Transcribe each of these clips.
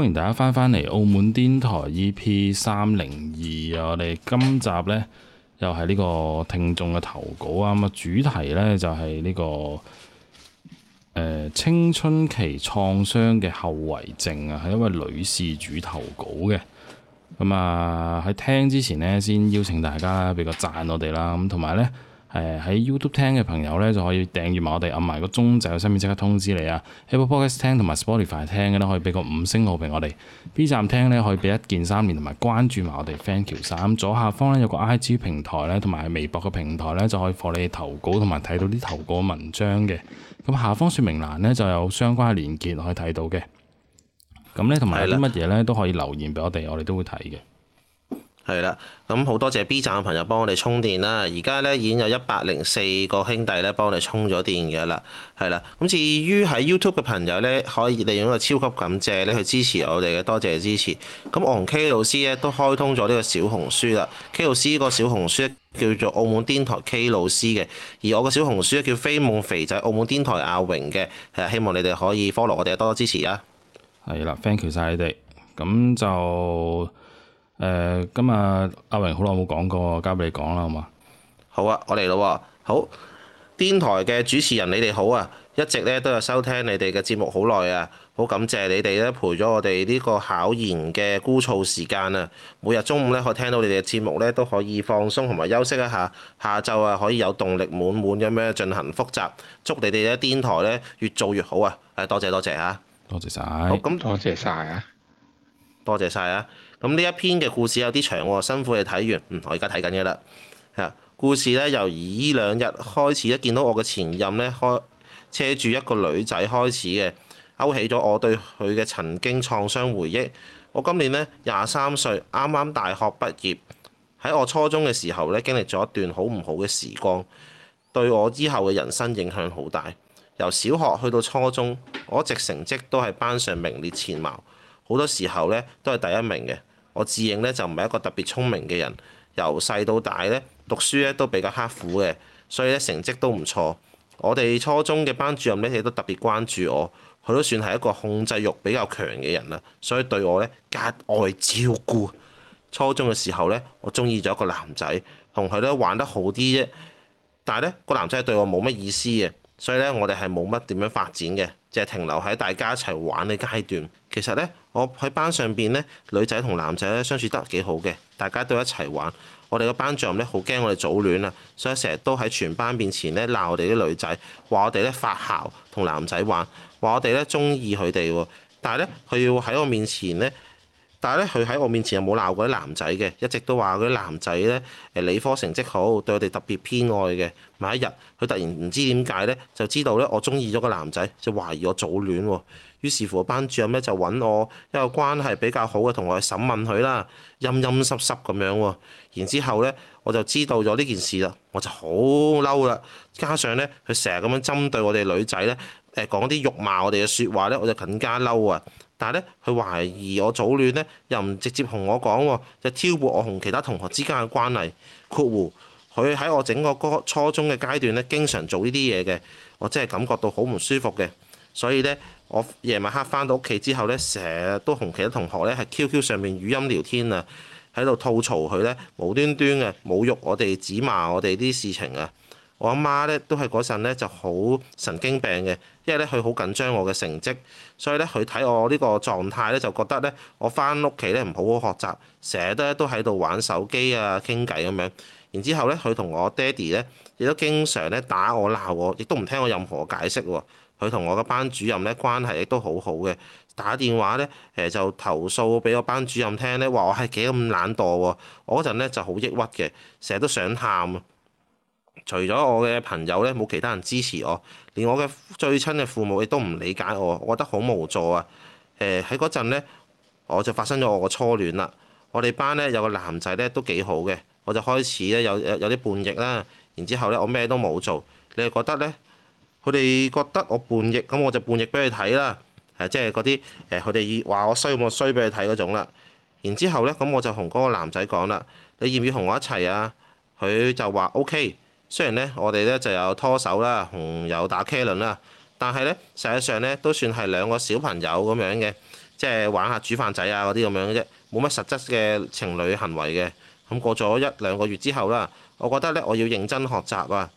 歡迎大家翻返嚟《澳門癲台 EP 三零二》，我哋今集呢，又係呢個聽眾嘅投稿啊！咁啊主題呢，就係呢個呃青春期創傷嘅後遺症啊，係一位女事主投稿嘅。咁啊喺聽之前呢，先邀請大家俾個讚我哋啦，咁同埋呢。誒喺 YouTube 聽嘅朋友咧，就可以訂閱埋我哋，按埋個鐘仔喺身邊即刻通知你啊。Apple Podcast 聽同埋 Spotify 聽嘅咧，可以俾個五星好評我哋。B 站聽咧，可以俾一鍵三連，同埋關注埋我哋 thank you 三。謝謝3，左下方咧有個 IG 平台咧，同埋微博嘅平台咧，就可以放你投稿同埋睇到啲投稿文章嘅。咁下方說明欄咧就有相關嘅連結可以睇到嘅。咁咧同埋有啲乜嘢咧都可以留言俾我哋，我哋都會睇嘅。係啦，咁好多謝 B 站嘅朋友幫我哋充電啦，而家咧已經有一百零四個兄弟咧幫我哋充咗電嘅啦，係啦，咁至於喺 YouTube 嘅朋友咧，可以利用一個超級感謝咧去支持我哋嘅，多謝支持。咁我同 K 老師咧都開通咗呢個小紅書啦，K 老師呢個小紅書叫做澳門癲台 K 老師嘅，而我嘅小紅書叫非夢肥仔澳門癲台阿榮嘅，係希望你哋可以 follow 我哋多多支持啊。係啦，thank you 晒你哋，咁就。誒、呃，今日阿榮好耐冇講過，交俾你講啦，好嘛？好啊，我嚟咯、啊，好。癲台嘅主持人，你哋好啊！一直咧都有收聽你哋嘅節目好耐啊，好感謝你哋咧陪咗我哋呢個考研嘅枯燥時間啊！每日中午咧，可以聽到你哋嘅節目咧，都可以放鬆同埋休息一下，下晝啊可以有動力滿滿咁樣進行復習。祝你哋咧癲台咧越做越好啊！誒，多謝多謝啊！多謝晒，咁多謝晒啊，多謝晒啊！咁呢一篇嘅故事有啲長喎，辛苦你睇完。嗯，我而家睇緊嘅啦，係啊，故事咧由而呢兩日開始，一見到我嘅前任咧，開車住一個女仔開始嘅，勾起咗我對佢嘅曾經創傷回憶。我今年咧廿三歲，啱啱大學畢業。喺我初中嘅時候咧，經歷咗一段好唔好嘅時光，對我之後嘅人生影響好大。由小學去到初中，我一直成績都係班上名列前茅，好多時候咧都係第一名嘅。我自認咧就唔係一個特別聰明嘅人，由細到大咧讀書咧都比較刻苦嘅，所以咧成績都唔錯。我哋初中嘅班主任咧亦都特別關注我，佢都算係一個控制欲比較強嘅人啦，所以對我咧格外照顧。初中嘅時候咧，我中意咗一個男仔，同佢咧玩得好啲啫。但係咧個男仔對我冇乜意思嘅，所以咧我哋係冇乜點樣發展嘅，淨係停留喺大家一齊玩嘅階段。其實咧，我喺班上邊咧，女仔同男仔咧相處得幾好嘅，大家都一齊玩。我哋個班長咧好驚我哋早戀啊，所以成日都喺全班面前咧鬧我哋啲女仔，話我哋咧發姣同男仔玩，話我哋咧中意佢哋喎。但係咧，佢要喺我面前咧。但係咧，佢喺我面前又冇鬧過啲男仔嘅，一直都話嗰啲男仔咧，誒理科成績好，對我哋特別偏愛嘅。某一日，佢突然唔知點解咧，就知道咧我中意咗個男仔，就懷疑我早戀喎。於是乎，班主任咧就揾我一個關係比較好嘅同學去審問佢啦，陰陰濕濕咁樣喎。然之後咧，我就知道咗呢件事啦，我就好嬲啦。加上咧，佢成日咁樣針對我哋女仔咧，誒講啲辱罵我哋嘅説話咧，我就更加嬲啊！但係咧，佢懷疑我早戀咧，又唔直接同我講喎，就挑撥我同其他同學之間嘅關係。括弧，佢喺我整個初中嘅階段咧，經常做呢啲嘢嘅，我真係感覺到好唔舒服嘅。所以咧，我夜晚黑返到屋企之後咧，成日都同其他同學咧喺 QQ 上面語音聊天啊，喺度吐槽佢咧無端端嘅侮辱我哋、指罵我哋啲事情啊。我阿媽咧都係嗰陣咧就好神經病嘅，因為咧佢好緊張我嘅成績，所以咧佢睇我呢個狀態咧就覺得咧我返屋企咧唔好好學習，成日都都喺度玩手機啊、傾偈咁樣。然之後咧佢同我爹哋咧亦都經常咧打我鬧我，亦都唔聽我任何解釋喎、啊。佢同我嘅班主任咧關係亦都好好嘅，打電話咧誒、呃、就投訴俾我班主任聽咧話我係幾咁懶惰喎、啊。我嗰陣咧就好抑鬱嘅，成日都想喊啊！除咗我嘅朋友咧，冇其他人支持我，連我嘅最親嘅父母亦都唔理解我，我覺得好無助啊。誒喺嗰陣咧，我就發生咗我嘅初戀啦。我哋班咧有個男仔咧都幾好嘅，我就開始咧有有啲叛逆啦。然之後咧我咩都冇做，你又覺得咧？佢哋覺得我叛逆，咁我就叛逆俾佢睇啦。即係嗰啲誒，佢哋話我衰我衰俾佢睇嗰種啦。然之後咧咁我就同嗰個男仔講啦，你願唔願同我一齊啊？佢就話 OK。雖然咧，我哋咧就有拖手啦，同有打茄輪啦，但係咧，實際上咧都算係兩個小朋友咁樣嘅，即係玩下煮飯仔啊嗰啲咁樣啫，冇乜實質嘅情侶行為嘅。咁過咗一兩個月之後啦，我覺得咧我要認真學習啊，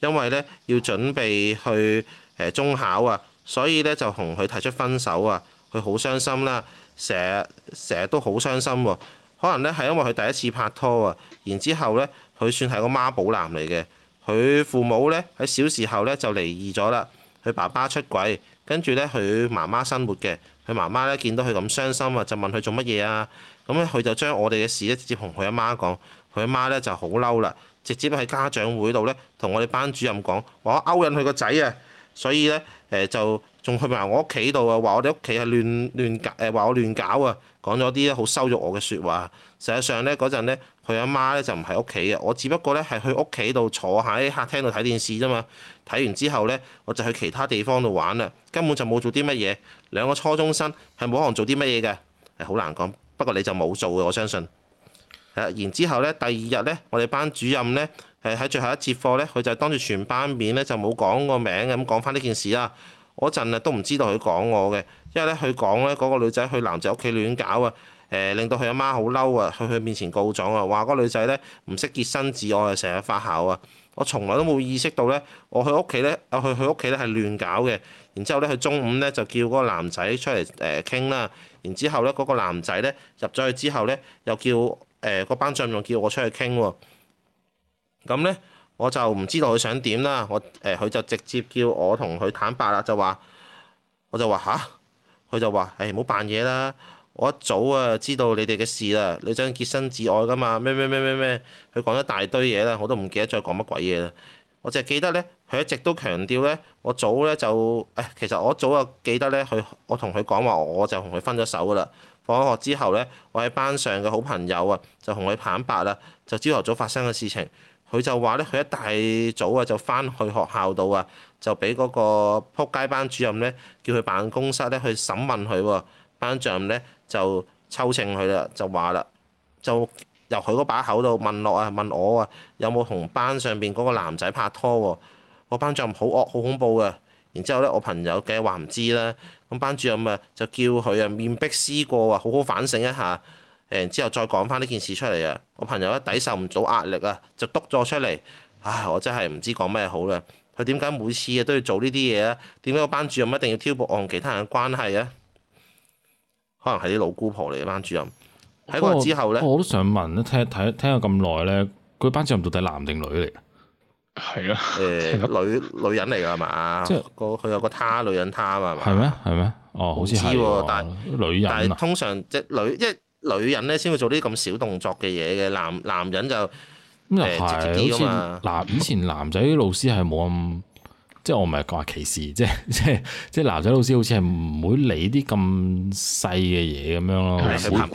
因為咧要準備去誒、呃、中考啊，所以咧就同佢提出分手啊。佢好傷心啦、啊，成日成日都好傷心喎、啊。可能咧係因為佢第一次拍拖啊，然之後咧。佢算係個媽寶男嚟嘅，佢父母咧喺小時候咧就離異咗啦，佢爸爸出軌，跟住咧佢媽媽生活嘅，佢媽媽咧見到佢咁傷心啊，就問佢做乜嘢啊，咁咧佢就將我哋嘅事咧直接同佢阿媽講，佢阿媽咧就好嬲啦，直接喺家長會度咧同我哋班主任講，話勾引佢個仔啊，所以咧誒、呃、就仲去埋我屋企度啊，話我哋屋企係亂亂搞，誒、呃、話我亂搞啊，講咗啲好羞辱我嘅說話，實際上咧嗰陣咧。佢阿媽咧就唔喺屋企嘅，我只不過咧係去屋企度坐喺客廳度睇電視啫嘛。睇完之後咧，我就去其他地方度玩啦，根本就冇做啲乜嘢。兩個初中生係冇可能做啲乜嘢嘅，係好難講。不過你就冇做嘅，我相信。然之後咧，第二日咧，我哋班主任咧，係喺最後一節課咧，佢就當住全班面咧，就冇講個名嘅咁講翻呢件事啦。嗰陣啊都唔知道佢講我嘅，因為咧佢講咧嗰個女仔去男仔屋企亂搞啊。誒令到佢阿媽好嬲啊！去佢面前告狀啊！話嗰個女仔咧唔識潔身自愛啊，成日發姣啊！我從來都冇意識到咧，我去屋企咧，我去佢屋企咧係亂搞嘅。然之後咧，佢中午咧就叫嗰個男仔出嚟誒傾啦。然之後咧，嗰個男仔咧入咗去之後咧，又叫誒嗰、呃、班主任叫我出去傾喎。咁咧我就唔知道佢想點啦。我誒佢、呃、就直接叫我同佢坦白啦，就話我就話吓，佢、啊、就話唔好扮嘢啦。哎我一早啊知道你哋嘅事啦。你真係潔身自愛㗎嘛？咩咩咩咩咩，佢講咗一大堆嘢啦，我都唔記得再講乜鬼嘢啦。我淨係記得咧，佢一直都強調咧，我早咧就誒，其實我一早啊記得咧，佢我同佢講話，我，話我就同佢分咗手㗎啦。放咗學之後咧，我喺班上嘅好朋友啊，就同佢坦白啦，就朝頭早發生嘅事情，佢就話咧，佢一大早啊就翻去學校度啊，就俾嗰個撲街班主任咧叫佢辦公室咧去審問佢喎，班主任咧。就抽稱佢啦，就話啦，就由佢嗰把口度問落啊，問我啊，有冇同班上邊嗰個男仔拍拖喎？個班主任好惡，好恐怖嘅。然之後咧，我朋友嘅話唔知啦。咁班主任啊，就叫佢啊，面壁思過啊，好好反省一下。誒，之後再講翻呢件事出嚟啊。我朋友一抵受唔到壓力啊，就篤咗出嚟。唉，我真係唔知講咩好啦。佢點解每次啊都要做呢啲嘢啊？點解個班主任一定要挑撥我同其他人嘅關係啊？可能係啲老姑婆嚟嘅班主任。喺嗰日之後咧，我都想問咧，聽睇聽咗咁耐咧，佢班主任到底男定女嚟？係啊，誒、呃、女女人嚟㗎係嘛？即係個佢有個她女人她啊嘛？係咩？係咩？哦，好似係喎，知但係女人，啊，但係通常即係女，即係女人咧先會做啲咁小動作嘅嘢嘅，男男人就咁又係好似男以前男仔啲老師係冇咁。即係我唔係話歧視，即係即係即係男仔老師好似係唔會理啲咁細嘅嘢咁樣咯，唔會管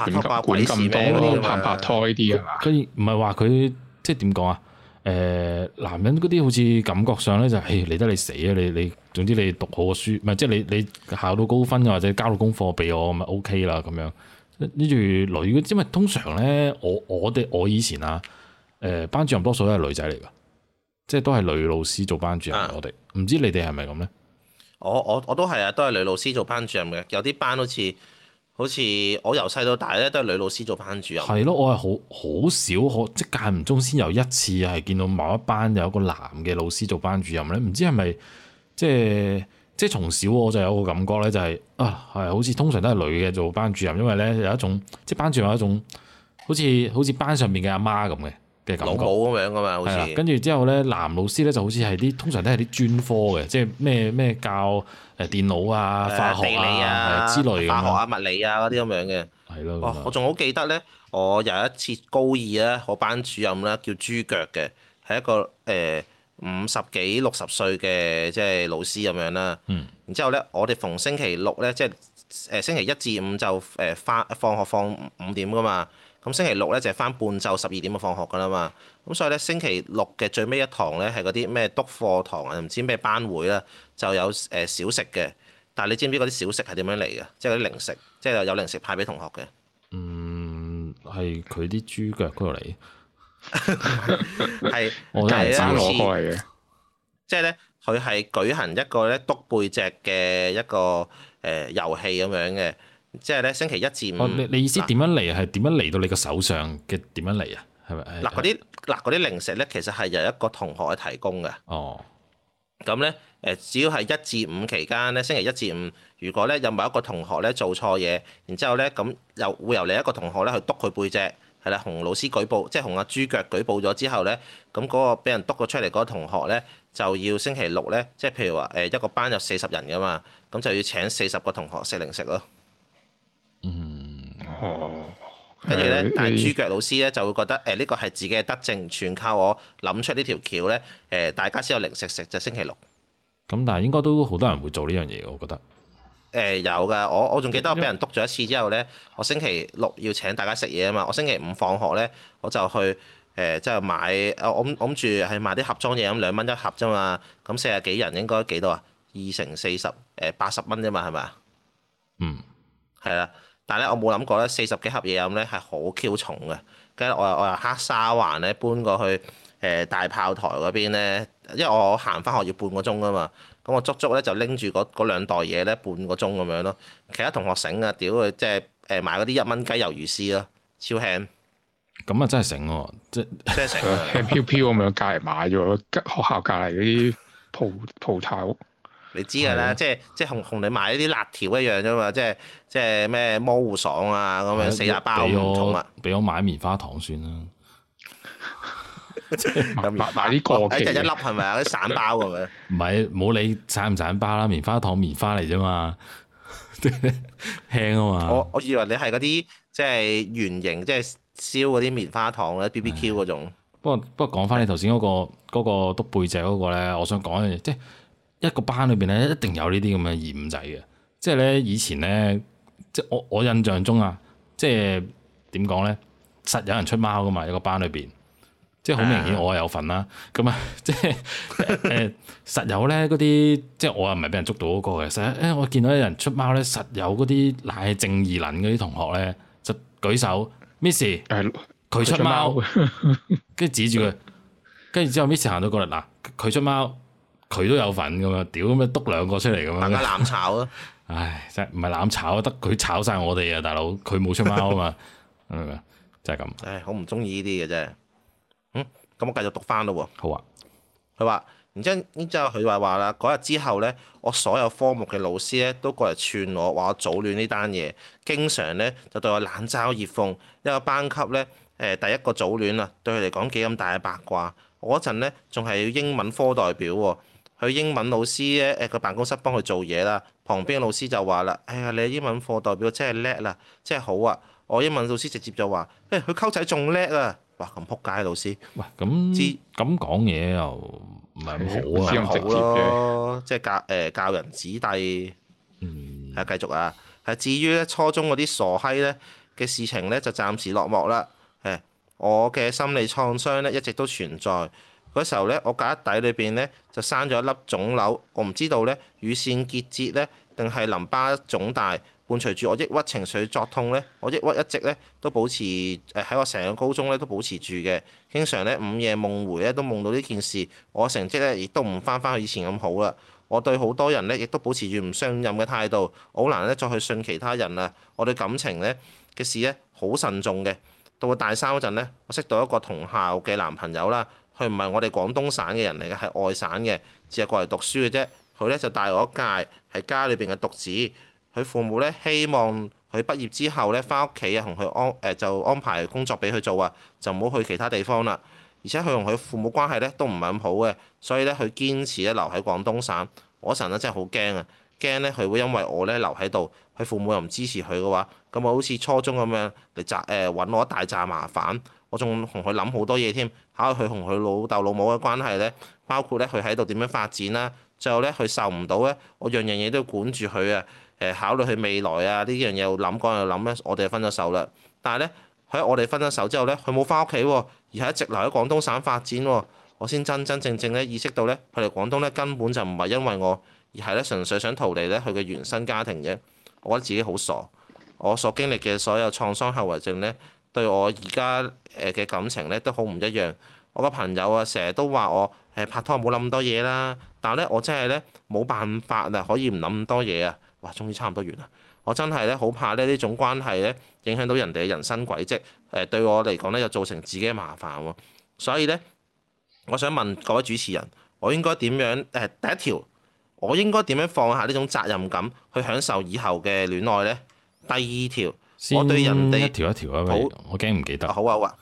咁多嗰拍唔拍拖啲啊嘛。唔係話佢即係點講啊？誒、呃，男人嗰啲好似感覺上咧就係、係、嚟得你死啊！你你總之你讀好個書，唔係即係你你考到高分或者交到功課俾我，咪 OK 啦咁樣。跟住女嘅，因為通常咧，我我哋我以前啊，誒、呃、班主任多數都係女仔嚟㗎。即係都係女老師做班主任，我哋唔知你哋係咪咁呢？我我我都係啊，都係女老師做班主任嘅。有啲班好似好似我由細到大咧，都係女老師做班主任。係咯，我係好好少可即係間唔中先有一次係見到某一班有一個男嘅老師做班主任咧。唔知係咪即係即係從小我就有個感覺咧、就係，就係啊係好似通常都係女嘅做班主任，因為咧有一種即係班主任有一種好似好似班上面嘅阿媽咁嘅。老母咁樣噶嘛，好似。係啊。跟住之後咧，男老師咧就好似係啲通常都係啲專科嘅，即係咩咩教誒電腦啊、化學啊、呃、理啊之類、化學啊、物理啊嗰啲咁樣嘅。係咯了、哦。我仲好記得咧，我有一次高二咧、啊，我班主任咧、啊、叫豬腳嘅，係一個誒五十幾六十歲嘅即係老師咁樣啦、啊。嗯。然之後咧，我哋逢星期六咧，即係誒星期一至五就誒翻放學放五點噶嘛。咁星期六咧就係返半晝十二點就放學噶啦嘛，咁所以咧星期六嘅最尾一堂咧係嗰啲咩督課堂啊，唔知咩班會啦，就有誒小食嘅。但係你知唔知嗰啲小食係點樣嚟嘅？即係嗰啲零食，即係有零食派俾同學嘅。嗯，係佢啲豬腳嗰度嚟，係 是 我梗係攞過嚟嘅。即係咧，佢係 舉行一個咧督背脊嘅一個誒、呃、遊戲咁樣嘅。即係咧，星期一至五。你、哦、你意思點樣嚟係點樣嚟到你個手上嘅點樣嚟啊？係咪？嗱，嗰啲嗱，啲零食咧，其實係由一個同學去提供嘅。哦。咁咧，誒，只要係一至五期間咧，星期一至五，如果咧有某一個同學咧做錯嘢，然之後咧咁又會由另一個同學咧去督佢背脊，係啦，同老師舉報，即係同阿豬腳舉報咗之後咧，咁、那、嗰個俾人督咗出嚟嗰個同學咧，就要星期六咧，即係譬如話誒一個班有四十人㗎嘛，咁就要請四十個同學食零食咯。哦，跟住咧，但係豬腳老師咧就會覺得誒呢個係自己嘅德政，全靠我諗出呢條橋咧，誒大家先有零食食就是、星期六。咁但係應該都好多人會做呢樣嘢我覺得。誒、嗯、有㗎，我我仲記得我俾人督咗一次之後咧，我星期六要請大家食嘢啊嘛，我星期五放學咧我就去誒即係買，我我諗住係買啲盒裝嘢咁，兩蚊一盒啫嘛，咁四廿幾人應該幾多啊？二乘四十誒八十蚊啫嘛，係咪啊？嗯，係啦。但係咧，我冇諗過咧，四十幾盒嘢飲咧係好 Q 重嘅。跟住我又我又黑沙環咧搬過去誒、呃、大炮台嗰邊咧，因為我行翻學要半個鐘啊嘛。咁我足足咧就拎住嗰兩袋嘢咧半個鐘咁樣咯。其他同學醒啊，屌佢，即係誒買嗰啲一蚊雞魷魚絲咯，超輕。咁啊真係醒喎，即係即係醒啊，輕飄飄咁樣隔籬買咗，跟學校隔籬嗰啲鋪鋪頭。你知㗎啦，的即係即係同同你買啲辣條一樣啫嘛，的即係即係咩魔芋爽啊咁樣四廿包唔同俾我買棉花糖算啦， 買買呢個一粒係咪啊？啲散包咁樣。唔係，冇理散唔散包啦，棉花糖棉花嚟啫嘛， 輕啊嘛。我我以為你係嗰啲即係圓形，即、就、係、是、燒嗰啲棉花糖咧，BBQ 嗰種。不過不過講翻你頭先嗰個嗰、那個篤對 背脊嗰、那個咧，我想講一樣嘢即係。就是一個班裏邊咧，一定有呢啲咁嘅二五仔嘅，即係咧以前咧，即係我我印象中啊，即係點講咧，實有人出貓噶嘛，一個班裏邊，即係好明顯我有份啦，咁啊，即係誒實有咧嗰啲，即係我又唔係俾人捉到嗰個嘅，實誒、呃、我見到有人出貓咧，實有嗰啲乃正義能嗰啲同學咧，就舉手，Miss，佢、呃、出貓，跟住指住佢，跟住之後 Miss 行到過嚟，嗱佢出貓。佢都有份咁嘛，屌咁啊，篤兩個出嚟咁 啊，大家攬炒啊！唉，真唔係攬炒，得佢炒晒我哋啊，大佬佢冇出貓啊嘛，係咪？就係咁唉，好唔中意呢啲嘅啫。嗯，咁我繼續讀翻咯喎。好啊。佢話：然之後，之後，佢話話啦，嗰日之後咧，我所有科目嘅老師咧都過嚟串我話我早戀呢單嘢，經常咧就對我冷嘲熱諷。一個班級咧，誒，第一個早戀啊，對佢嚟講幾咁大嘅八卦。我嗰陣咧仲係英文科代表喎。佢英文老師咧，誒佢辦公室幫佢做嘢啦，旁邊嘅老師就話啦：哎呀，你英文課代表真係叻啦，真係好啊！我英文老師直接就話：誒、哎，佢溝仔仲叻啊！哇，咁撲街老師。喂，咁咁講嘢又唔係咁好啊。唔好咯，即係教誒、呃、教人子弟。嗯。係繼續啊，係至於咧初中嗰啲傻閪咧嘅事情咧，就暫時落幕啦。誒，我嘅心理創傷咧一直都存在。嗰時候咧，我胳肋底裏邊咧就生咗一粒腫瘤，我唔知道咧乳腺結節咧定係淋巴腫大，伴隨住我抑鬱情緒作痛咧。我抑鬱一直咧都保持誒喺、呃、我成個高中咧都保持住嘅，經常咧午夜夢回咧都夢到呢件事。我成績咧亦都唔翻翻去以前咁好啦。我對好多人咧亦都保持住唔信任嘅態度，好難咧再去信其他人啦。我對感情咧嘅事咧好慎重嘅。到我大三嗰陣咧，我識到一個同校嘅男朋友啦。佢唔係我哋廣東省嘅人嚟嘅，係外省嘅，只係過嚟讀書嘅啫。佢咧就大我一屆，係家裏邊嘅獨子。佢父母咧希望佢畢業之後咧翻屋企啊，同佢安誒、呃、就安排工作俾佢做啊，就唔好去其他地方啦。而且佢同佢父母關係咧都唔係咁好嘅，所以咧佢堅持咧留喺廣東省。我嗰陣咧真係好驚啊！驚咧，佢會因為我咧留喺度，佢父母又唔支持佢嘅話，咁我好似初中咁樣嚟集誒揾我一大扎麻煩，我仲同佢諗好多嘢添，考慮佢同佢老豆老母嘅關係咧，包括咧佢喺度點樣發展啦。最後咧，佢受唔到咧，我樣樣嘢都要管住佢啊。誒，考慮佢未來啊，呢樣嘢又諗，嗰樣又諗咧，我哋就分咗手啦。但係咧，喺我哋分咗手之後咧，佢冇翻屋企喎，而係一直留喺廣東省發展喎。我先真真正正咧意識到咧，佢嚟廣東咧根本就唔係因為我。而係咧，純粹想逃離咧，佢嘅原生家庭啫。我覺得自己好傻，我所經歷嘅所有創傷後遺症咧，對我而家誒嘅感情咧都好唔一樣。我個朋友啊，成日都話我誒拍拖冇諗咁多嘢啦，但係咧我真係咧冇辦法啊，可以唔諗咁多嘢啊。哇，終於差唔多完啦。我真係咧好怕咧呢種關係咧影響到人哋嘅人生軌跡，誒對我嚟講咧又造成自己嘅麻煩喎。所以咧，我想問各位主持人，我應該點樣誒？第一條。我應該點樣放下呢種責任感去享受以後嘅戀愛呢？第二條，先我對人哋一條一條啊，好，我驚唔記得。好啊，好啊。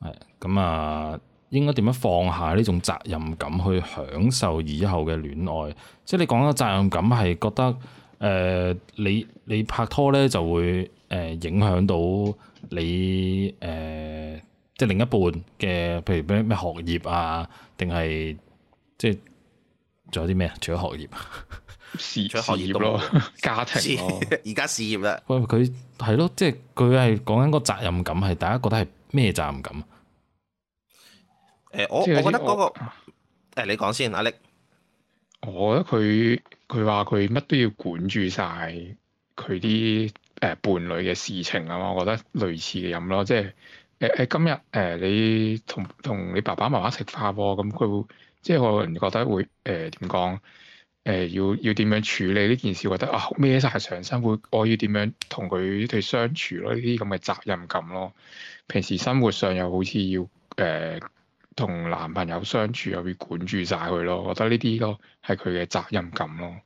係咁啊，應該點樣放下呢種責任感去享受以後嘅戀愛？即係你講嘅責任感係覺得誒、呃，你你拍拖呢就會誒影響到你誒、呃，即係另一半嘅，譬如咩咩學業啊，定係即係。仲有啲咩啊？除咗學業，事業都冇，家庭而家事業啦。喂，佢係咯，即係佢係講緊個責任感，係大家覺得係咩責任感啊？誒、欸，我我覺得嗰、那個誒我、欸，你講先，阿力，我覺得佢佢話佢乜都要管住晒佢啲誒伴侶嘅事情啊嘛，我覺得類似嘅咁咯，即係誒誒，今日誒、欸、你同同你爸爸媽媽食飯喎，咁佢會即係我個人覺得會誒點講誒要要點樣處理呢件事？覺得啊孭曬上身，會我要點樣同佢哋相處咯？呢啲咁嘅責任感咯，平時生活上又好似要誒同、呃、男朋友相處又要管住晒佢咯。我覺得呢啲咯係佢嘅責任感咯。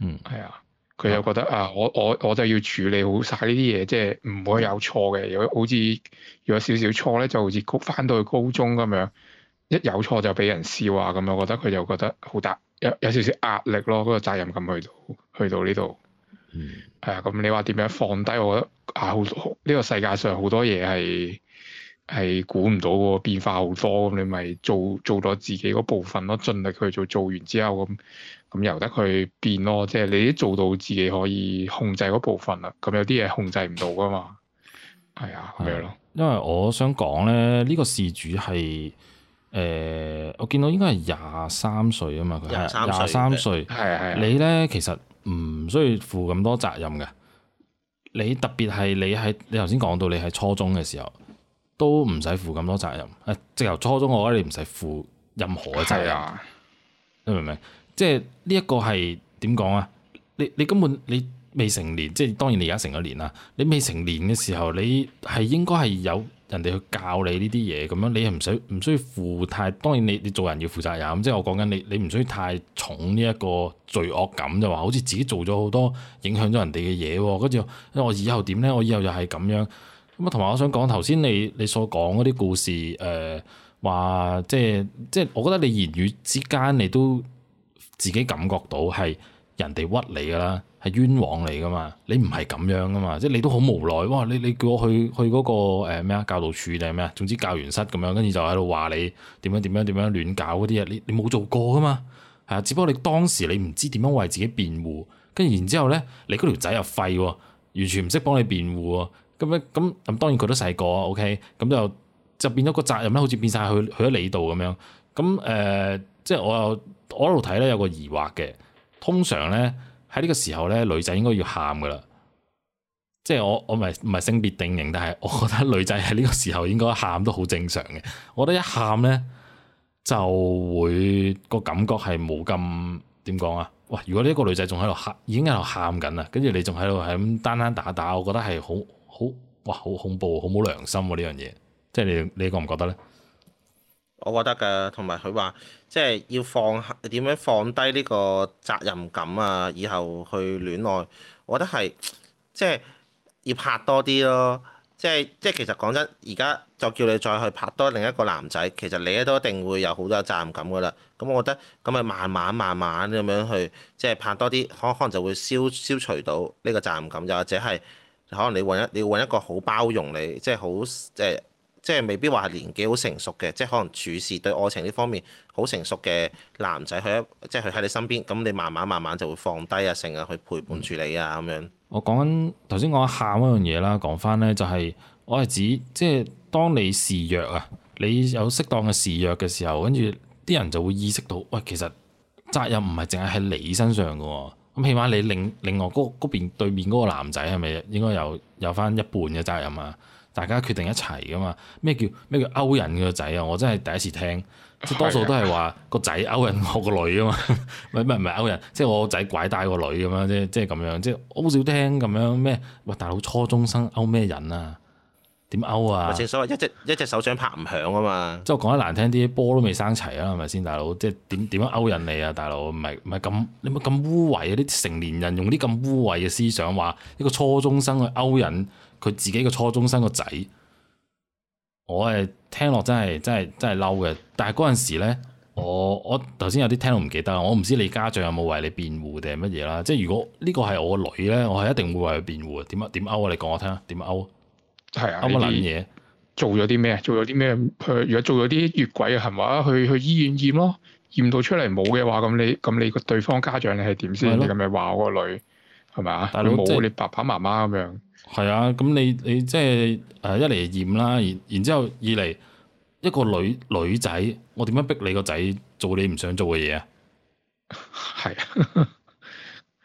嗯，係啊，佢又覺得、嗯、啊，我我我就要處理好晒呢啲嘢，即係唔會有錯嘅。如果好似有少少錯咧，就好似高翻到去高中咁樣。一有錯就俾人笑啊！咁我覺得佢就覺得好大有有少少壓力咯，嗰個責任感去到去到呢度。嗯，係啊，咁你話點樣放低？我覺得啊，好呢個世界上好多嘢係係估唔到嘅，變化好多。咁你咪做做咗自己嗰部分咯，盡力去做，做完之後咁咁由得佢變咯。即係你做到自己可以控制嗰部分啦。咁有啲嘢控制唔到噶嘛？係啊、嗯，係、哎、咯？因為我想講咧，呢個事主係。誒、呃，我見到應該係廿三歲啊嘛，佢廿三歲，係係。你咧其實唔需要負咁多責任嘅。你特別係你喺你頭先講到你喺初中嘅時候，都唔使負咁多責任。誒，直頭初中我覺得你唔使負任何嘅責任。的你明唔明？即係呢一個係點講啊？你你根本你未成年，即係當然你而家成咗年啦。你未成年嘅時候，你係應該係有人哋去教你呢啲嘢，咁樣你係唔使唔需要負太，當然你你做人要負責任，即係我講緊你你唔需要太重呢一個罪惡感，就話好似自己做咗好多影響咗人哋嘅嘢，跟住我以後點咧？我以後又係咁樣。咁啊，同埋我想講頭先你你所講嗰啲故事，誒、呃、話即係即係，我覺得你言語之間你都自己感覺到係。人哋屈你噶啦，係冤枉你噶嘛？你唔係咁樣噶嘛？即係你都好無奈喎！你你叫我去去嗰、嗰個咩啊、呃？教導處定係咩啊？總之教員室咁樣，跟住就喺度話你點樣點樣點樣亂搞嗰啲嘢，你你冇做過噶嘛？係啊，只不過你當時你唔知點樣為自己辯護，跟住然之後咧，你嗰條仔又廢喎，完全唔識幫你辯護喎。咁樣咁咁，當然佢都細個，OK，咁就就變咗個責任咧，好似變晒去去咗你度咁樣。咁誒、呃，即係我又我喺度睇咧，有個疑惑嘅。通常咧，喺呢個時候咧，女仔應該要喊㗎喇，即係我我唔係唔係性別定型，但係我覺得女仔喺呢個時候應該喊都好正常嘅。我覺得一喊咧就會個感覺係冇咁點講啊！哇！如果呢個女仔仲喺度喊，已經喺度喊緊啦，跟住你仲喺度係咁單單打打，我覺得係好好哇好恐怖，好冇良心喎呢樣嘢！即係你你覺唔覺得咧？我覺得㗎，同埋佢話，即係要放，點樣放低呢個責任感啊！以後去戀愛，我覺得係即係要拍多啲咯。即係即係其實講真，而家就叫你再去拍多另一個男仔，其實你都一定會有好多責任感㗎啦。咁我覺得咁咪慢慢慢慢咁樣去，即係拍多啲，可可能就會消消除到呢個責任感，又或者係可能你揾一你揾一個好包容你，即係好即係。即係未必話係年紀好成熟嘅，即係可能處事對愛情呢方面好成熟嘅男仔去一，即係佢喺你身邊，咁你慢慢慢慢就會放低啊，成日去陪伴住你啊咁樣。嗯、我講緊頭先講喊嗰樣嘢啦，講翻呢就係、我係指即係當你示弱啊，你有適當嘅示弱嘅時候，跟住啲人就會意識到，喂，其實責任唔係淨係喺你身上嘅喎，咁起碼你另另外嗰嗰邊對面嗰個男仔係咪應該有有翻一半嘅責任啊？大家決定一齊噶嘛？咩叫咩叫勾人個仔啊？我真係第一次聽，即多數都係話個仔勾人我個女啊嘛，唔係唔係勾人，即我個仔拐帶個女咁樣啫，即即咁樣，即好少聽咁樣咩？喂，大佬，初中生勾咩人啊？點勾啊！正所謂一隻一隻手掌拍唔響啊嘛！即係我講得難聽啲，波都未生齊啦，係咪先，大佬？即係點點樣勾引你啊，大佬？唔係唔係咁，你咪咁污穢啊！啲成年人用啲咁污穢嘅思想話一個初中生去勾引佢自己嘅初中生個仔，我係聽落真係真係真係嬲嘅。但係嗰陣時咧，我我頭先有啲聽到唔記得啦，我唔知你家長有冇為你辯護定係乜嘢啦。即係如果呢個係我女咧，我係一定會為佢辯護嘅。點啊點勾啊！你講我聽啊，點勾？係啊，啱啱諗嘢，做咗啲咩？做咗啲咩？如果做咗啲越軌嘅行為，去去醫院驗咯，驗到出嚟冇嘅話，咁你咁你個對方家長你係點先？你咁咪話我個女係咪啊？你但你冇、就係、你爸爸媽媽咁樣。係啊，咁你你即係誒一嚟驗啦，然然之後二嚟一個女女仔，我點樣逼你個仔做你唔想做嘅嘢是啊？係啊。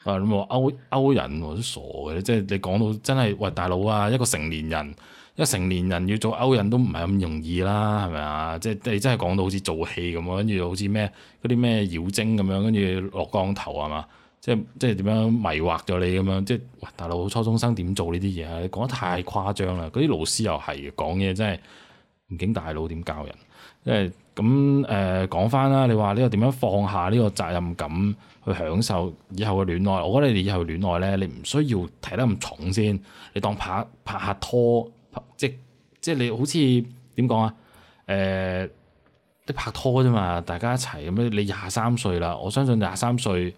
啊！你話、嗯、歐歐人我都傻嘅即係你講到真係喂，大佬啊，一個成年人，一個成年人要做歐人都唔係咁容易啦，係咪啊？即係真係講到好似做戲咁，跟住好似咩嗰啲咩妖精咁樣，跟住落降頭係嘛？即係即係點樣迷惑咗你咁樣？即係喂，大佬初中生點做呢啲嘢啊？你講得太誇張啦！嗰啲老師又係嘅，講嘢真係唔經大佬點教人，即係。咁誒講翻啦，你話呢個點樣放下呢個責任感去享受以後嘅戀愛？我覺得你哋以後戀愛咧，你唔需要睇得咁重先，你當拍拍下拖，拍即即你好似點講啊？誒，都、呃、拍拖啫嘛，大家一齊咁樣。你廿三歲啦，我相信廿三歲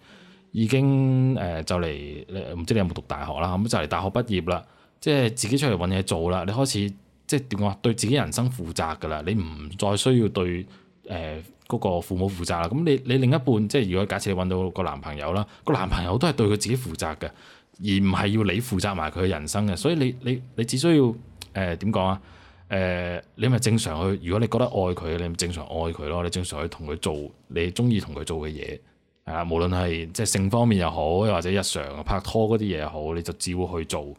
已經誒就嚟唔知你有冇讀大學啦，咁就嚟大學畢業啦，即係自己出嚟揾嘢做啦，你開始。即係點講啊？對自己人生負責㗎啦，你唔再需要對誒嗰、呃嗰個父母負責啦。咁你你另一半，即係如果假設你揾到個男朋友啦，嗰個男朋友都係對佢自己負責嘅，而唔係要你負責埋佢嘅人生嘅。所以你你你只需要誒點講啊？誒、呃呃、你咪正常去，如果你覺得愛佢，你咪正常愛佢咯。你正常去同佢做你中意同佢做嘅嘢係啦，無論係即係性方面又好，或者日常拍拖嗰啲嘢又好，你就照去做。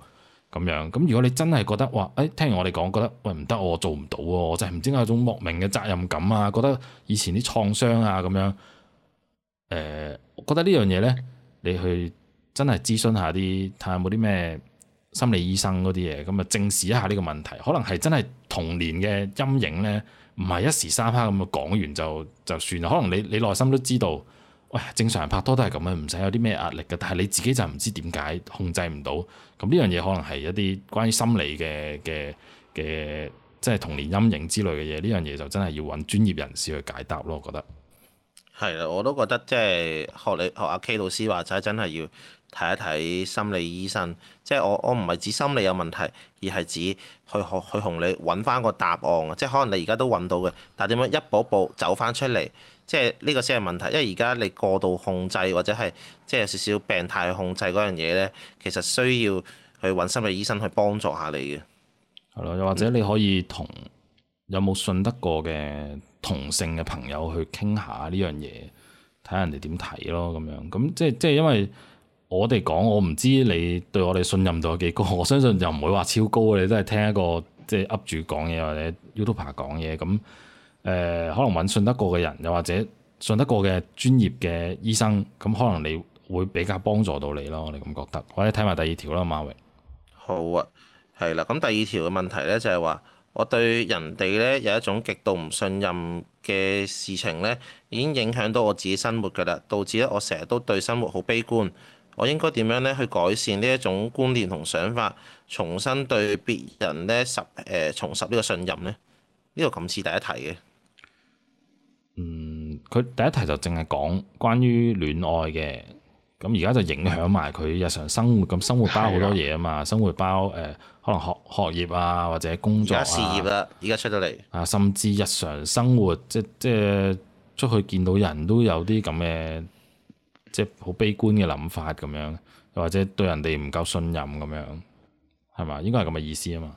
咁樣，咁如果你真係覺得，哇，誒、哎，聽完我哋講覺得，喂，唔得，我做唔到喎、啊，我真係唔知解有種莫名嘅責任感啊，覺得以前啲創傷啊咁樣、呃，我覺得呢樣嘢咧，你去真係諮詢一下啲，睇下有冇啲咩心理醫生嗰啲嘢，咁啊正視一下呢個問題，可能係真係童年嘅陰影咧，唔係一時三刻咁講完就就算，可能你你內心都知道。喂、哎，正常人拍拖都係咁樣，唔使有啲咩壓力嘅。但係你自己就唔知點解控制唔到，咁呢樣嘢可能係一啲關於心理嘅嘅嘅，即係童年陰影之類嘅嘢。呢樣嘢就真係要揾專業人士去解答咯。我覺得係啊，我都覺得即係學你學阿 K 老師話齋，即係真係要睇一睇心理醫生。即係我我唔係指心理有問題，而係指去學去同你揾翻個答案，即係可能你而家都揾到嘅，但係點樣一步步走翻出嚟？即係呢個先係問題，因為而家你過度控制或者係即係有少少病態控制嗰樣嘢咧，其實需要去搵心理醫生去幫助下你嘅。係咯、嗯，又或者你可以同有冇信得過嘅同性嘅朋友去傾下呢樣嘢，睇下人哋點睇咯咁樣。咁即係即係因為我哋講，我唔知你對我哋信任度有幾高，我相信又唔會話超高。你都係聽一個即係 Up 主講嘢或者 YouTuber 講嘢咁。誒可能揾信得過嘅人，又或者信得過嘅專業嘅醫生，咁可能你會比較幫助到你咯。我哋咁覺得，或者睇埋第二條啦，馬榮。好啊，係啦。咁第二條嘅問題咧就係話，我對人哋咧有一種極度唔信任嘅事情咧，已經影響到我自己生活㗎啦，導致咧我成日都對生活好悲觀。我應該點樣咧去改善呢一種觀念同想法，重新對別人咧十誒重拾呢個信任咧？呢個咁似第一題嘅。嗯，佢第一題就淨係講關於戀愛嘅，咁而家就影響埋佢日常生活。咁生活包好多嘢啊嘛，的生活包誒、呃，可能學學業啊，或者工作啊，事業啦，而家出到嚟啊，甚至日常生活，即即係出去見到人都有啲咁嘅，即係好悲觀嘅諗法咁樣，或者對人哋唔夠信任咁樣，係嘛？應該係咁嘅意思啊嘛。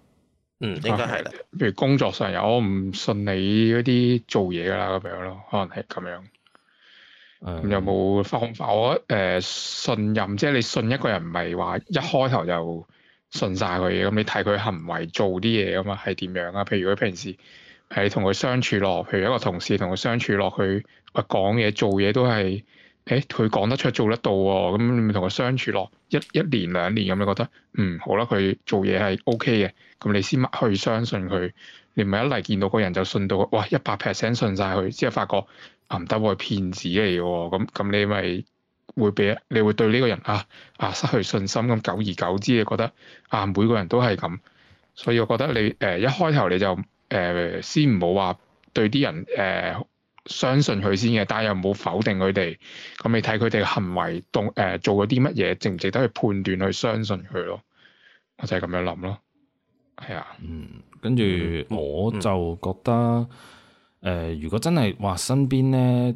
嗯，應該係啦、啊。譬如工作上有，我唔信你嗰啲做嘢㗎啦，咁樣咯，可能係咁樣。咁有冇方法？我誒、呃、信任，即係你信一個人，唔係話一開頭就信晒佢嘢，咁你睇佢行為做啲嘢啊嘛，係點樣啊？譬如佢平時係同佢相處落，譬如一個同事同佢相處落，佢話講嘢、做嘢都係。誒佢、欸、講得出做得到喎、哦，咁你咪同佢相處咯，一一年兩年咁你覺得嗯，好啦，佢做嘢係 OK 嘅，咁你先去相信佢，你唔係一嚟見到個人就信到，哇一百 percent 信晒佢，之後發覺啊唔得喎，係騙子嚟嘅喎，咁咁你咪會俾你會對呢個人啊啊失去信心，咁久而久之你覺得啊每個人都係咁，所以我覺得你誒、呃、一開頭你就誒、呃、先唔好話對啲人誒。呃相信佢先嘅，但係又冇否定佢哋。咁你睇佢哋嘅行為，動誒、呃、做咗啲乜嘢，值唔值得去判斷，去相信佢咯？我就係咁樣諗咯。係、哎、啊，嗯，跟住我就覺得，誒、呃，如果真係話身邊咧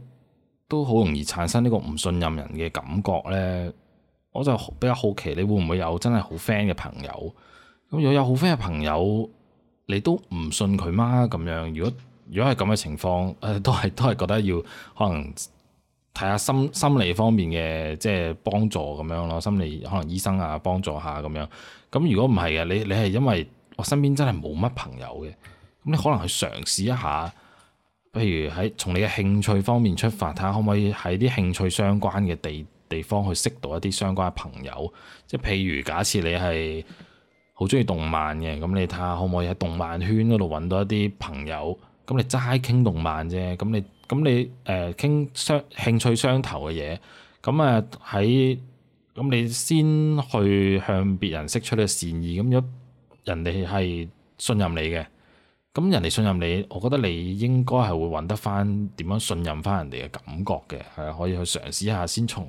都好容易產生呢個唔信任人嘅感覺咧，我就比較好奇你會唔會有真係好 friend 嘅朋友？咁如果有好 friend 嘅朋友，你都唔信佢嗎？咁樣，如果？如果係咁嘅情況，誒、呃、都係都係覺得要可能睇下心心理方面嘅即係幫助咁樣咯，心理可能醫生啊幫助下咁樣。咁如果唔係嘅，你你係因為我身邊真係冇乜朋友嘅，咁你可能去嘗試一下，譬如喺從你嘅興趣方面出發，睇下可唔可以喺啲興趣相關嘅地地方去識到一啲相關嘅朋友。即係譬如假設你係好中意動漫嘅，咁你睇下可唔可以喺動漫圈嗰度揾到一啲朋友。咁你齋傾動漫啫，咁你咁你誒傾相興趣相投嘅嘢，咁啊喺，咁你先去向別人釋出你嘅善意，咁樣人哋係信任你嘅，咁人哋信任你，我覺得你應該係會搵得返點樣信任返人哋嘅感覺嘅，係可以去嘗試一下先從。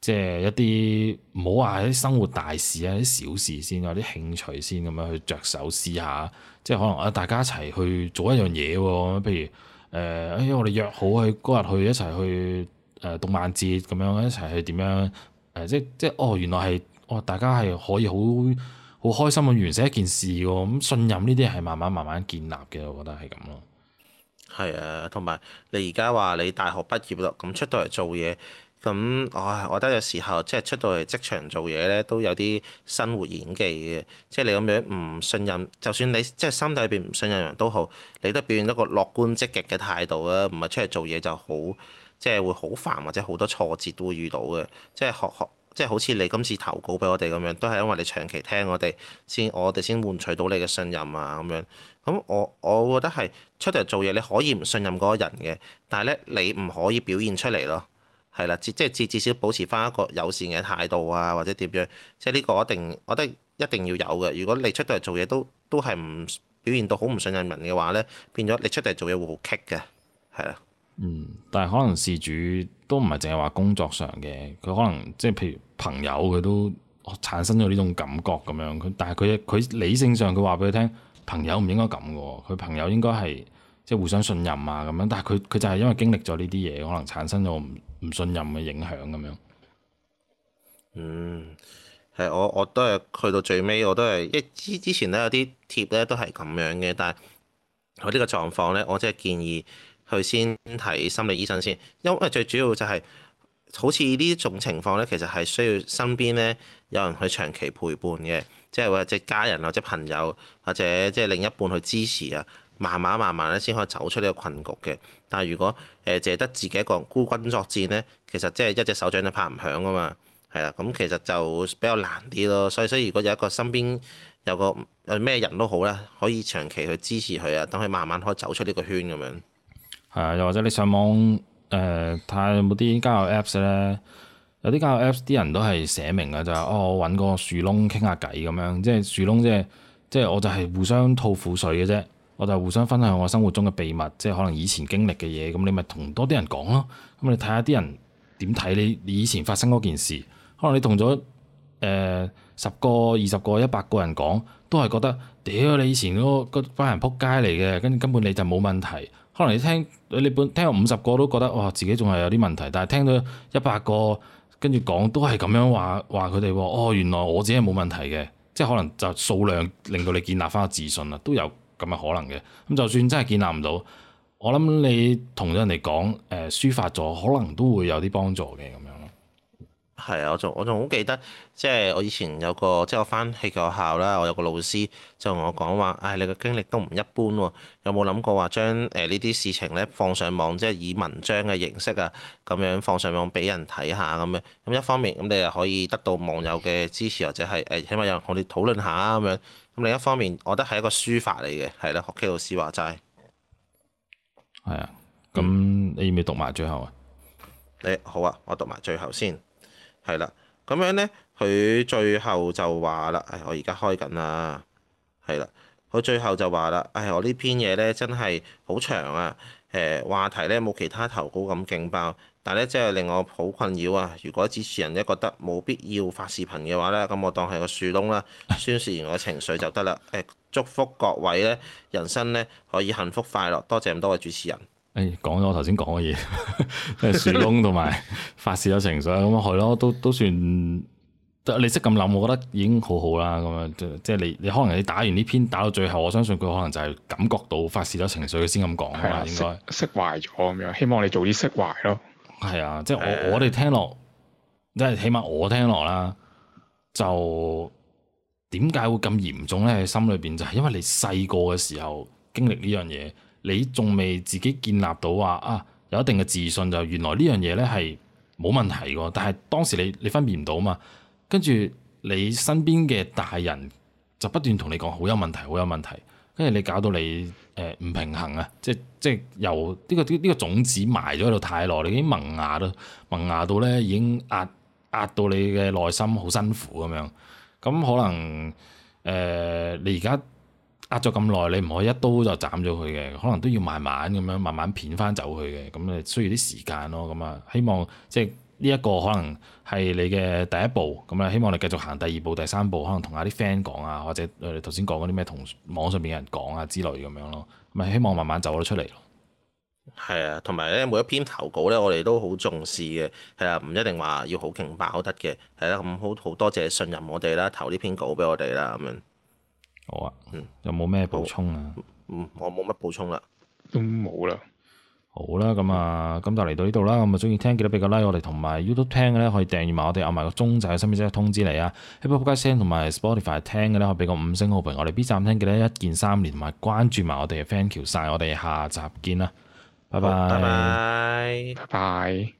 即係一啲唔好話一啲生活大事啊，啲小事先，有啲興趣先咁樣去着手試下。即係可能啊，大家一齊去做一樣嘢喎。譬如誒、呃，哎呀，我哋約好去嗰日去一齊去誒動漫節咁樣，一齊去點樣誒、呃，即即係哦，原來係哦，大家係可以好好開心咁完成一件事喎。咁信任呢啲係慢慢慢慢建立嘅，我覺得係咁咯。係啊，同埋你而家話你大學畢業啦，咁出到嚟做嘢。咁，我我覺得有時候即係出到嚟職場做嘢咧，都有啲生活演技嘅。即係你咁樣唔信任，就算你即係心底裏邊唔信任人都好，你都表現一個樂觀積極嘅態度啦。唔係出嚟做嘢就好，即係會好煩或者好多挫折都會遇到嘅。即係學學，即係好似你今次投稿俾我哋咁樣，都係因為你長期聽我哋先，我哋先換取到你嘅信任啊咁樣。咁我我覺得係出到嚟做嘢，你可以唔信任嗰個人嘅，但係咧你唔可以表現出嚟咯。係啦，即即係至至少保持翻一個友善嘅態度啊，或者點樣，即係呢個一定，我覺得一定要有嘅。如果你出到嚟做嘢都都係唔表現到好唔信任人嘅話咧，變咗你出到嚟做嘢會好棘嘅，係啦。嗯，但係可能事主都唔係淨係話工作上嘅，佢可能即係譬如朋友佢都產生咗呢種感覺咁樣佢，但係佢佢理性上佢話俾佢聽朋友唔應該咁嘅，佢朋友應該係即係互相信任啊咁樣，但係佢佢就係因為經歷咗呢啲嘢，可能產生咗唔唔信任嘅影響咁樣，嗯，係我我都係去到最尾我都係，即係之之前咧有啲貼咧都係咁樣嘅，但係佢、這個、呢個狀況咧，我真係建議佢先睇心理醫生先，因因為最主要就係、是、好似呢種情況咧，其實係需要身邊咧有人去長期陪伴嘅，即係或者家人或者朋友或者即係另一半去支持啊。慢慢慢慢咧，先可以走出呢個困局嘅。但係如果誒，淨係得自己一個人孤軍作戰咧，其實即係一隻手掌都拍唔響噶嘛，係啦。咁其實就比較難啲咯。所以所以，如果有一個身邊有個誒咩、呃、人都好咧，可以長期去支持佢啊，等佢慢慢可以走出呢個圈咁樣。係啊，又或者你上網誒睇下、呃、有冇啲交友 Apps 咧？有啲交友 Apps 啲人都係寫明嘅就係、是、哦，我揾個樹窿傾下偈咁樣，即係樹窿即係即係我就係互相吐苦水嘅啫。我就互相分享我生活中嘅秘密，即係可能以前經歷嘅嘢。咁你咪同多啲人講咯。咁你睇下啲人點睇你以前發生嗰件事，可能你同咗誒十個、二十個、一百個人講，都係覺得屌你以前嗰嗰班人撲街嚟嘅，跟住根本你就冇問題。可能你聽你本聽五十個都覺得哇、哦、自己仲係有啲問題，但係聽到一百個跟住講都係咁樣話話佢哋喎。哦，原來我自己係冇問題嘅，即係可能就數量令到你建立翻個自信啦，都有。咁啊可能嘅，咁就算真係建立唔到，我諗你同人哋講，誒、呃、抒發咗，可能都會有啲幫助嘅咁樣咯。係啊，我仲我仲好記得，即係我以前有個，即係我返戲劇學校啦，我有個老師就同我講話，唉、哎，你嘅經歷都唔一般喎，有冇諗過話將誒呢啲事情咧放上網，即係以文章嘅形式啊，咁樣放上網俾人睇下咁樣。咁一方面，咁你又可以得到網友嘅支持，或者係誒、哎、起碼有人同你討論下啊咁樣。另一方面，我覺得係一個書法嚟嘅，係咯，學 K 老師話齋，係啊。咁你要唔要讀埋最後啊？你、嗯哎、好啊，我讀埋最後先，係啦。咁樣呢，佢最後就話啦、哎，我而家開緊啦，係啦。佢最後就話啦，唉、哎，我呢篇嘢呢，真係好長啊。誒，話題咧冇其他投稿咁勁爆，但係咧即係令我好困擾啊！如果主持人咧覺得冇必要發視頻嘅話咧，咁我當係個樹窿啦，宣洩完我情緒就得啦。誒，祝福各位咧，人生咧可以幸福快樂。多謝咁多位主持人。誒、哎，講咗我頭先講嘅嘢，係 樹窿同埋發泄咗情緒，咁啊係咯，都都算。你識咁諗，我覺得已經好好啦。咁樣即係你，你可能你打完呢篇打到最後，我相信佢可能就係感覺到發泄咗情緒，佢先咁講啦。應該釋懷咗咁樣，希望你早啲釋懷咯。係啊，即係我、呃、我哋聽落，即係起碼我聽落啦，就點解會咁嚴重咧？喺心裏邊就係因為你細個嘅時候經歷呢樣嘢，你仲未自己建立到話啊，有一定嘅自信，就原來呢樣嘢咧係冇問題嘅。但係當時你你分辨唔到啊嘛。跟住你身邊嘅大人就不斷同你講好有問題，好有問題。跟住你搞到你誒唔、呃、平衡啊。即係即係由呢個呢個種子埋咗喺度太耐，你已經萌芽到，萌芽到咧已經壓壓到你嘅內心好辛苦咁樣。咁可能誒你而家壓咗咁耐，你唔可以一刀就斬咗佢嘅，可能都要慢慢咁樣慢慢片翻走佢嘅。咁你需要啲時間咯。咁啊，希望即。呢一個可能係你嘅第一步，咁啊希望你繼續行第二步、第三步，可能同下啲 fan 講啊，或者誒頭先講嗰啲咩同網上邊嘅人講啊之類咁樣咯，咪希望慢慢走咗出嚟咯。係啊，同埋咧每一篇投稿咧，我哋都好重視嘅，係啊，唔一定話要好勁爆得嘅，係啦、啊，咁好好多謝信任我哋啦，投呢篇稿俾我哋啦，咁樣。好啊，有冇咩補充啊？嗯，有有補我冇乜補充啦，都冇啦。好啦，咁啊，咁就嚟到呢度啦。咁啊，中意聽記得俾個 like，我哋同埋 YouTube 聽嘅咧，可以訂閱埋我哋，按埋個鐘仔，身邊即刻通知你啊。Apple Podcast 同 埋樂 Spotify 聽嘅咧，可以俾個五星好評。我哋 B 站聽記得一鍵三連同埋關注埋我哋嘅 Fan 橋晒，我哋下集見啦，拜拜拜拜拜拜。Bye bye. Bye bye.